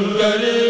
الكريم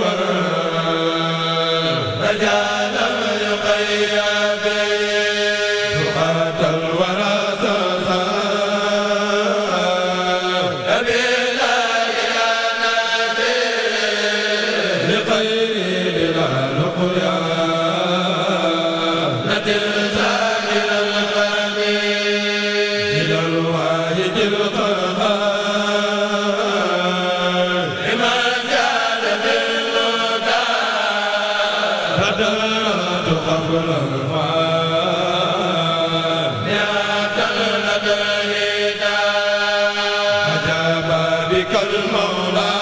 wa raja ذلك المولى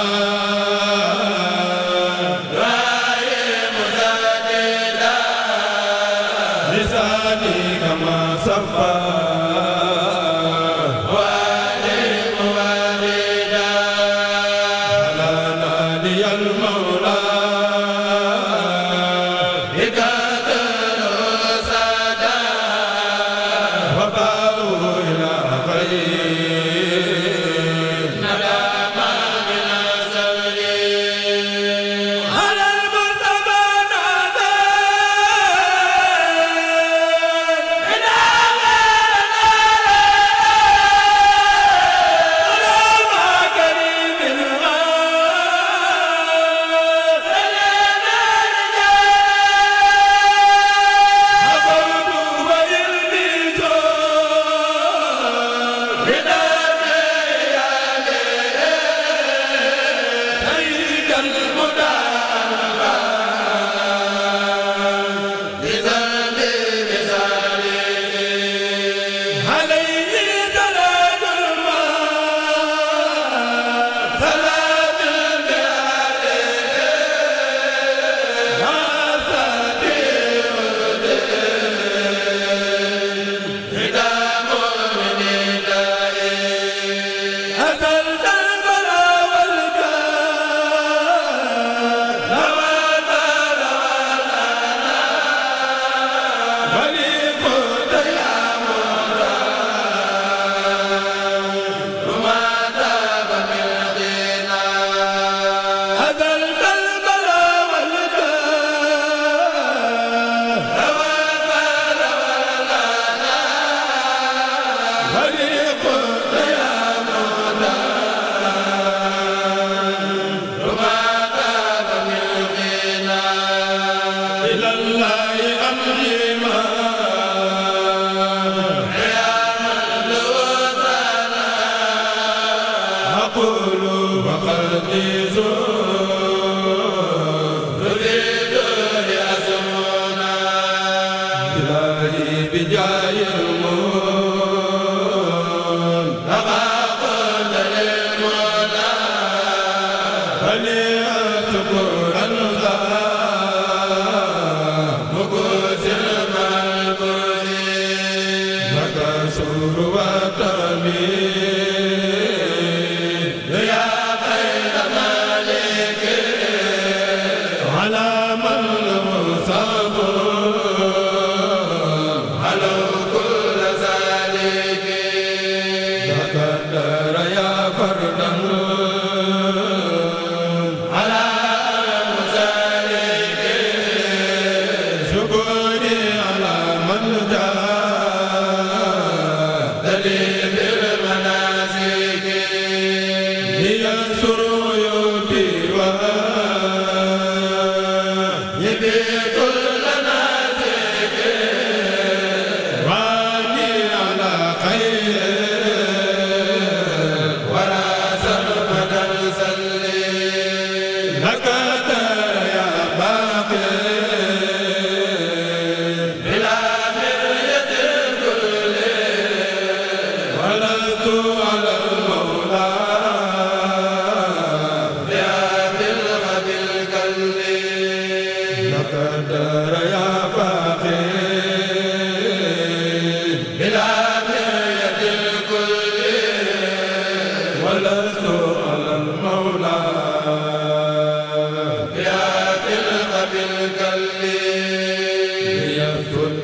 li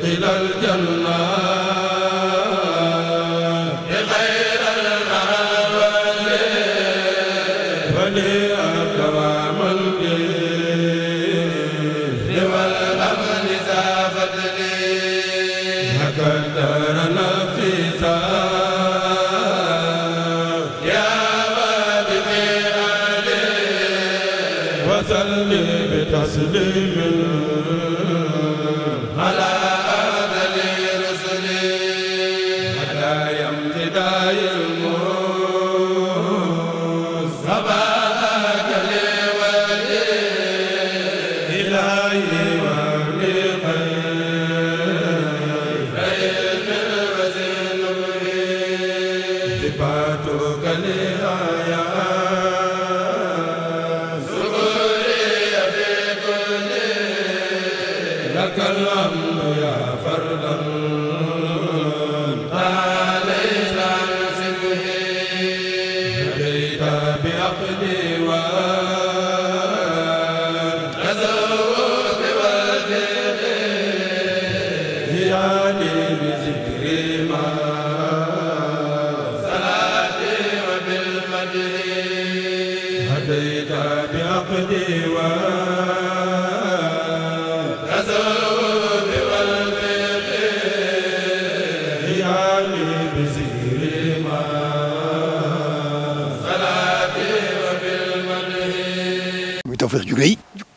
ilal wa